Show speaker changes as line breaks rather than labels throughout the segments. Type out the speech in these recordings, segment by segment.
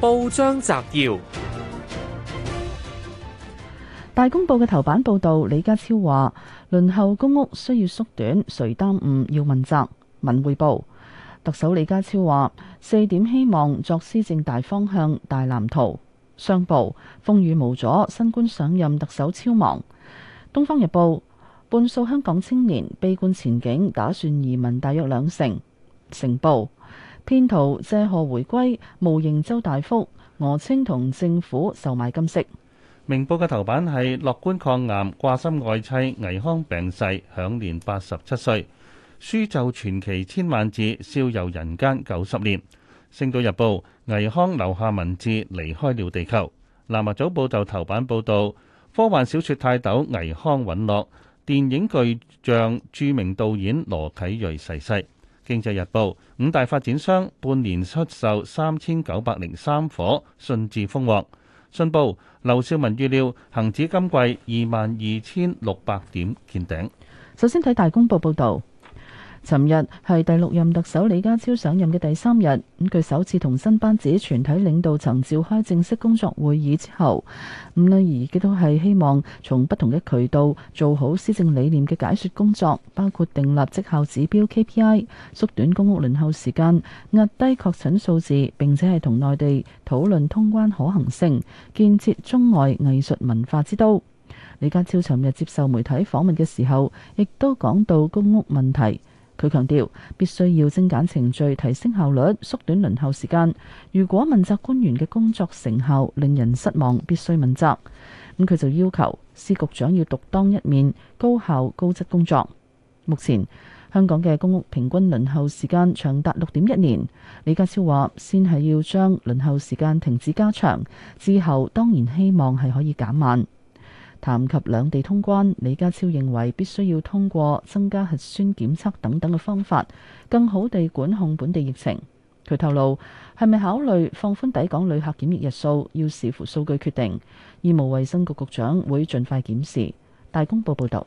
報章摘要：大公報嘅頭版報道，李家超話輪候公屋需要縮短，誰耽誤要問責。文匯報，特首李家超話四點希望作施政大方向大藍圖。商報，風雨無阻，新官上任特首超忙。東方日報，半數香港青年悲觀前景，打算移民大約兩成。成報。騙徒借賀回歸，冒認周大福，訛稱同政府售賣金飾。
明報嘅頭版係樂觀抗癌，掛心愛妻，倪匡病逝，享年八十七歲。書就傳奇千萬字，笑遊人間九十年。星島日報，倪匡留下文字，離開了地球。南華早報就頭版報導，科幻小説泰斗倪匡殞落，電影巨匠著名導演羅啟銳逝世，世。經濟日報五大發展商半年出售三千九百零三伙，信智豐獲。信報劉少文預料恒指今季二萬二千六百點見頂。
首先睇大公報報道。尋日係第六任特首李家超上任嘅第三日，咁佢首次同新班子全體領導層召開正式工作會議之後，咁例如亦都係希望從不同嘅渠道做好施政理念嘅解説工作，包括訂立績效指標 KPI、縮短公屋輪候時間、壓低確診數字，並且係同內地討論通關可行性，建設中外藝術文化之都。李家超尋日接受媒體訪問嘅時候，亦都講到公屋問題。佢強調必須要精簡程序，提升效率，縮短輪候時間。如果問責官員嘅工作成效令人失望，必須問責。咁佢就要求司局長要獨當一面，高效高質工作。目前香港嘅公屋平均輪候時間長達六點一年。李家超話：先係要將輪候時間停止加長，之後當然希望係可以減慢。談及兩地通關，李家超認為必須要通過增加核酸檢測等等嘅方法，更好地管控本地疫情。佢透露係咪考慮放寬抵港旅客檢疫日數，要視乎數據決定。醫務衛生局局長會盡快檢視。大公報報道。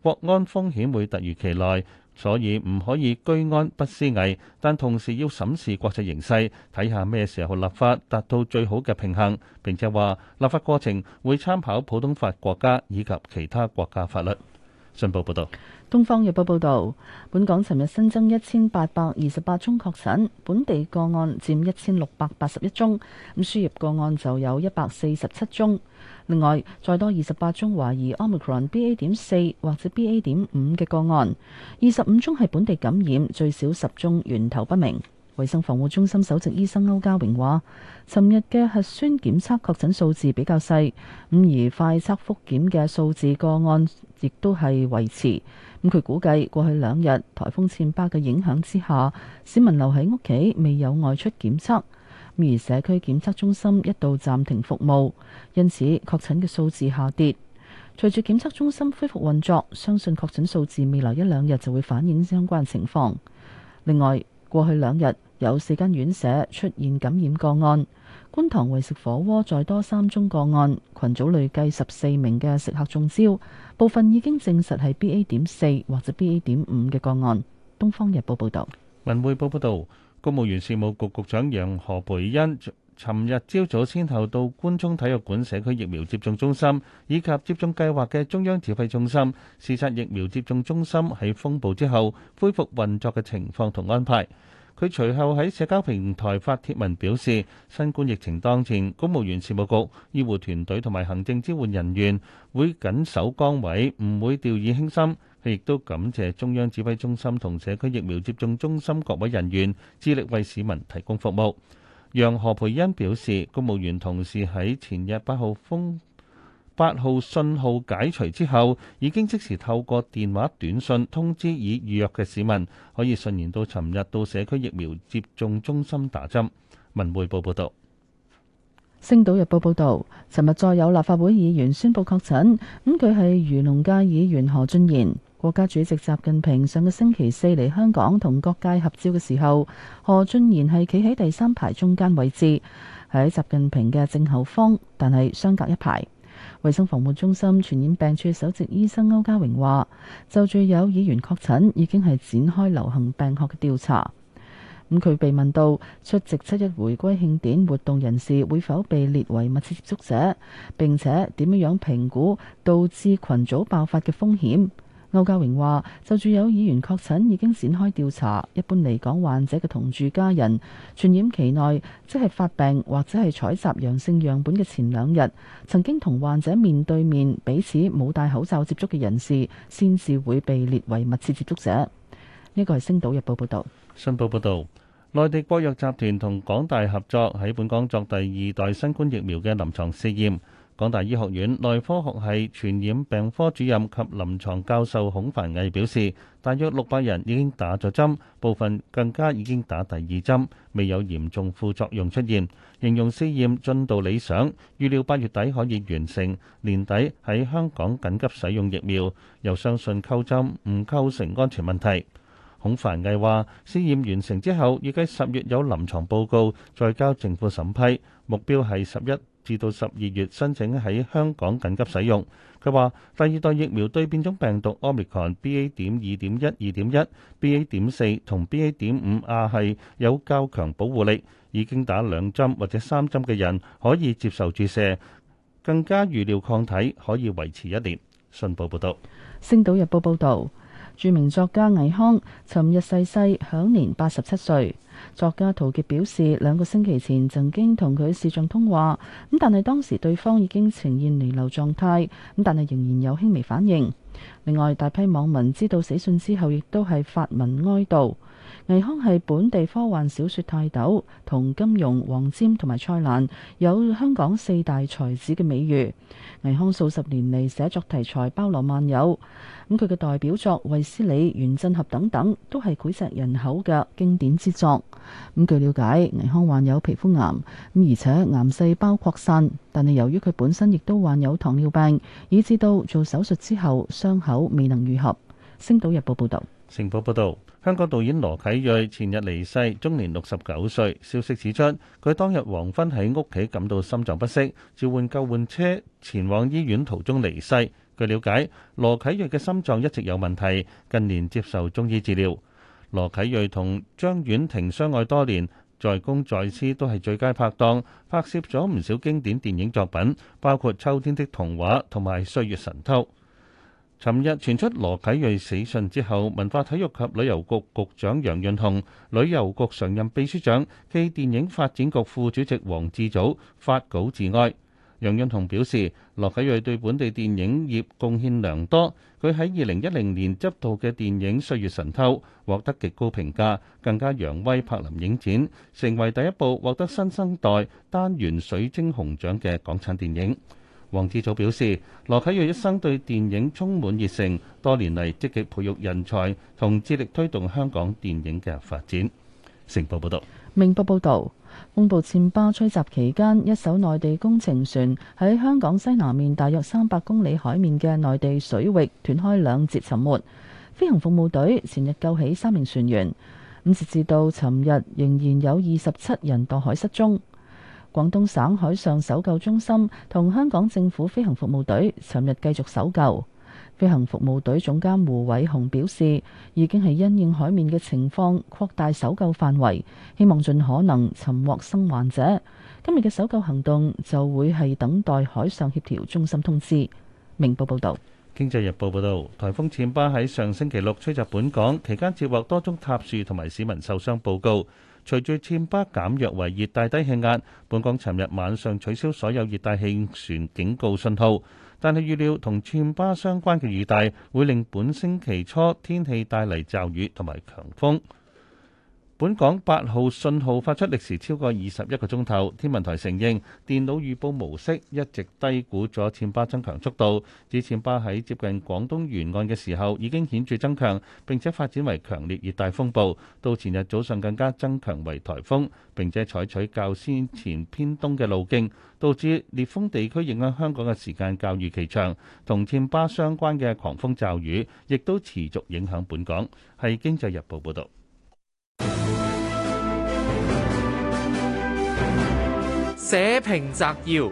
國安風險會突如其來，所以唔可以居安不思危，但同時要審視國際形勢，睇下咩時候立法達到最好嘅平衡，並且話立法過程會參考普通法國家以及其他國家法律。信報報導，
東方日報報導，本港尋日新增一千八百二十八宗確診，本地個案佔一千六百八十一宗，咁輸入個案就有一百四十七宗。另外，再多二十八宗懷疑 Omicron BA 點四或者 BA 點五嘅個案，二十五宗係本地感染，最少十宗源頭不明。衛生防護中心首席醫生歐家榮話：尋日嘅核酸檢測確診數字比較細，咁而快測複檢嘅數字個案亦都係維持。咁佢估計過去兩日台風燦巴嘅影響之下，市民留喺屋企，未有外出檢測，而社區檢測中心一度暫停服務，因此確診嘅數字下跌。隨住檢測中心恢復運作，相信確診數字未來一兩日就會反映相關情況。另外，過去兩日。有四間院舍出現感染個案，觀塘為食火鍋再多三宗個案，群組累計十四名嘅食客中招，部分已經證實係 B A. 點四或者 B A. 點五嘅個案。《東方日報》報道，
《文匯報》報道，公務員事務局局，局長楊何培恩尋日朝早先後到觀眾體育館社區疫苗接種中心以及接種計劃嘅中央指揮中心，視察疫苗接種中心喺風暴之後恢復運作嘅情況同安排。佢隨後喺社交平台發帖文表示，新冠疫情當前，公務員事務局醫護團隊同埋行政支援人員會緊守崗位，唔會掉以輕心。佢亦都感謝中央指揮中心同社區疫苗接種中心各位人員，致力為市民提供服務。楊何培恩表示，公務員同事喺前日八號封。八號信號解除之後，已經即時透過電話、短信通知已預約嘅市民，可以順延到尋日到社區疫苗接種中心打針。文匯報報道，
《星島日報》報道，尋日再有立法會議員宣佈確診，咁佢係漁農界議員何俊賢。國家主席習近平上個星期四嚟香港同各界合照嘅時候，何俊賢係企喺第三排中間位置，喺習近平嘅正後方，但係相隔一排。衛生防護中心傳染病處首席醫生歐家榮話：就最有議員確診，已經係展開流行病學嘅調查。咁佢被問到出席七一回歸慶典活動人士會否被列為密切接觸者，並且點樣樣評估導致群組爆發嘅風險？歐家榮話：就住有議員確診，已經展開調查。一般嚟講，患者嘅同住家人，傳染期內，即係發病或者係採集陽性樣本嘅前兩日，曾經同患者面對面彼此冇戴口罩接觸嘅人士，先至會被列為密切接觸者。呢個係《星島日報》報道。
新報報道，內地國藥集團同港大合作喺本港作第二代新冠疫苗嘅臨床試驗。港大醫學院內科學系傳染病科主任及臨床教授孔凡毅表示，大約六百人已經打咗針，部分更加已經打第二針，未有嚴重副作用出現。形容試驗進度理想，預料八月底可以完成，年底喺香港緊急使用疫苗，又相信溝針唔構成安全問題。孔凡毅話：試驗完成之後，預計十月有臨床報告，再交政府審批，目標係十一。至到十二月申請喺香港緊急使用。佢話，第二代疫苗對變種病毒 Omicron BA. 點二點一、二點一、BA. 點四同 BA. 點五亞係有較強保護力，已經打兩針或者三針嘅人可以接受注射。更加預料抗體可以維持一年。信報報道。
星島日報》報道。著名作家倪匡尋日逝世，享年八十七歲。作家陶傑表示，兩個星期前曾經同佢視像通話，咁但係當時對方已經呈現彌留狀態，咁但係仍然有輕微反應。另外，大批網民知道死訊之後，亦都係發文哀悼。倪匡係本地科幻小說泰斗，同金庸、黃沾同埋蔡瀾有香港四大才子嘅美譽。倪匡數十年嚟寫作題材包羅萬有，咁佢嘅代表作《衛斯理》《原振俠》等等都係膾炙人口嘅經典之作。咁據了解，倪匡患有皮膚癌，咁而且癌細胞擴散，但係由於佢本身亦都患有糖尿病，以致到做手術之後傷口未能癒合。《星島日報》報道。
成報報道。香港導演羅啟瑞前日離世，終年六十九歲。消息指出，佢當日黃昏喺屋企感到心臟不適，召喚救護車前往醫院途中離世。據了解，羅啟瑞嘅心臟一直有問題，近年接受中醫治療。羅啟瑞同張婉婷相愛多年，在公在私都係最佳拍檔，拍攝咗唔少經典電影作品，包括《秋天的童話》同埋《歲月神偷》。尋日傳出羅啟瑞死訊之後，文化體育及旅遊局局局長楊潤雄、旅遊局常任秘書長暨電影發展局副主席黃智祖發稿致哀。楊潤雄表示，羅啟瑞對本地電影業貢獻良多，佢喺二零一零年執導嘅電影《歲月神偷》獲得極高評價，更加揚威柏林影展，成為第一部獲得新生代單元水晶熊獎嘅港產電影。黃志祖表示，羅啟銳一生對電影充滿熱誠，多年嚟積極培育人才，同致力推動香港電影嘅發展。成報報道，
明報報道，風暴暹芭吹襲期間，一艘內地工程船喺香港西南面大約三百公里海面嘅內地水域斷開兩截沉沒，飛行服務隊前日救起三名船員，咁直至到尋日仍然有二十七人墮海失蹤。廣東省海上搜救中心同香港政府飛行服務隊尋日繼續搜救。飛行服務隊總監胡偉雄表示，已經係因應海面嘅情況擴大搜救範圍，希望盡可能尋獲生還者。今日嘅搜救行動就會係等待海上協調中心通知。明報報道，
經濟日報報道，台風暹芭喺上星期六吹襲本港期間，接獲多宗塌樹同埋市民受傷報告。隨住暹芭減弱為熱帶低氣壓，本港尋日晚上取消所有熱帶氣旋警告信號，但係預料同暹芭相關嘅雨帶會令本星期初天氣帶嚟驟雨同埋強風。本港八號信號發出歷時超過二十一個鐘頭。天文台承認電腦預報模式一直低估咗暹巴增強速度。指暹巴喺接近廣東沿岸嘅時候已經顯著增強，並且發展為強烈熱帶風暴。到前日早上更加增強為颱風，並且採取較先前偏東嘅路徑，導致烈風地區影響香港嘅時間較預期長。同暹巴相關嘅狂風驟雨亦都持續影響本港。係《經濟日報》報導。社評摘要：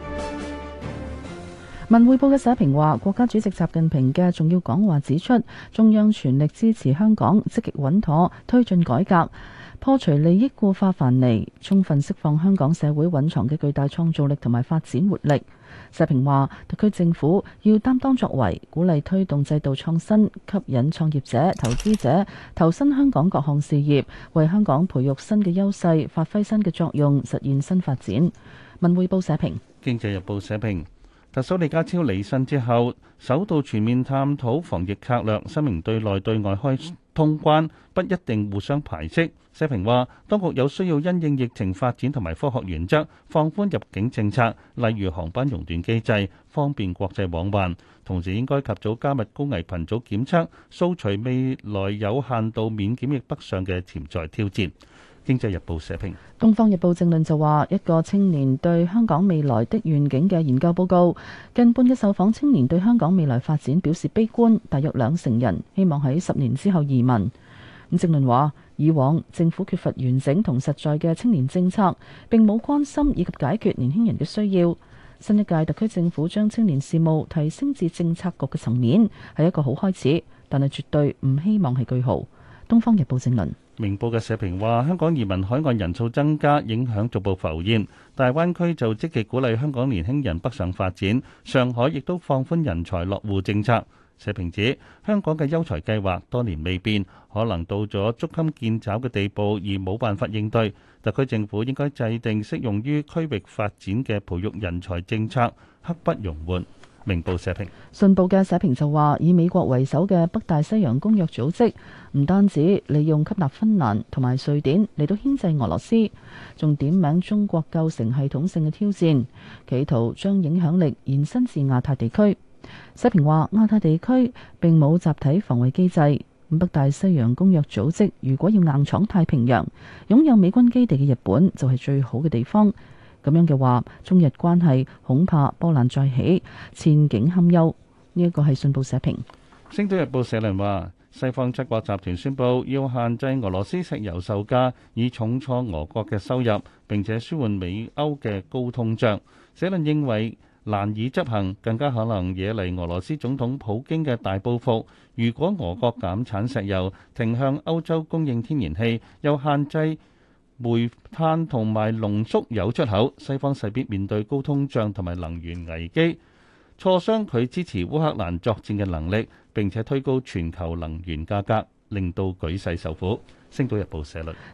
文匯報嘅社評話，國家主席習近平嘅重要講話指出，中央全力支持香港積極穩妥推進改革，破除利益固化藩籬，充分釋放香港社會蘊藏嘅巨大創造力同埋發展活力。社評話，特區政府要擔當作為，鼓勵推動制度創新，吸引創業者、投資者投身香港各項事業，為香港培育新嘅優勢，發揮新嘅作用，實現新發展。文匯報社評，
《經濟日報》社評：特首李家超履新之後，首度全面探討防疫策略，聲明對內對外開通關不一定互相排斥。社評話，當局有需要因應疫情發展同埋科學原則放寬入境政策，例如航班熔斷機制，方便國際往還。同時應該及早加密高危群組檢測，掃除未來有限度免檢疫北上嘅潛在挑戰。《經濟日報》社評，《東
方日報》政論就話：一個青年對香港未來的願景嘅研究報告，近半嘅受訪青年對香港未來發展表示悲觀，大約兩成人希望喺十年之後移民。咁政論話：以往政府缺乏完整同實在嘅青年政策，並冇關心以及解決年輕人嘅需要。新一屆特區政府將青年事務提升至政策局嘅層面，係一個好開始，但係絕對唔希望係句號。《東方日報》政論。
明報嘅社評話,香港移民海外人數增加影響逐步浮現。大灣區就積極鼓勵香港年輕人北上發展,上海亦都放寬人才落戶政策。社評指,香港嘅優才計劃多年未變,可能到咗捉襟見肘的地步而冇辦法應對。特區政府應該制定適用於區域發展的培育人才政策,刻不容緩。明報社評，
信報嘅社評就話：以美國為首嘅北大西洋公約組織唔單止利用吸納芬蘭同埋瑞典嚟到牽制俄羅斯，仲點名中國構成系統性嘅挑戰，企圖將影響力延伸至亞太地區。社評話亞太地區並冇集體防衛機制，北大西洋公約組織如果要硬闖太平洋，擁有美軍基地嘅日本就係最好嘅地方。咁樣嘅話，中日關係恐怕波瀾再起，前景堪憂。呢一個係信報社評，
《星島日報》社論話：西方七國集團宣布要限制俄羅斯石油售價，以重創俄國嘅收入，並且舒緩美歐嘅高通脹。社論認為難以執行，更加可能惹嚟俄羅斯總統普京嘅大報復。如果俄國減產石油，停向歐洲供應天然氣，又限制煤炭同埋濃縮油出口，西方勢必面對高通脹同埋能源危機，挫傷佢支持烏克蘭作戰嘅能力，並且推高全球能源價格，令到舉世受苦。星島日報社論。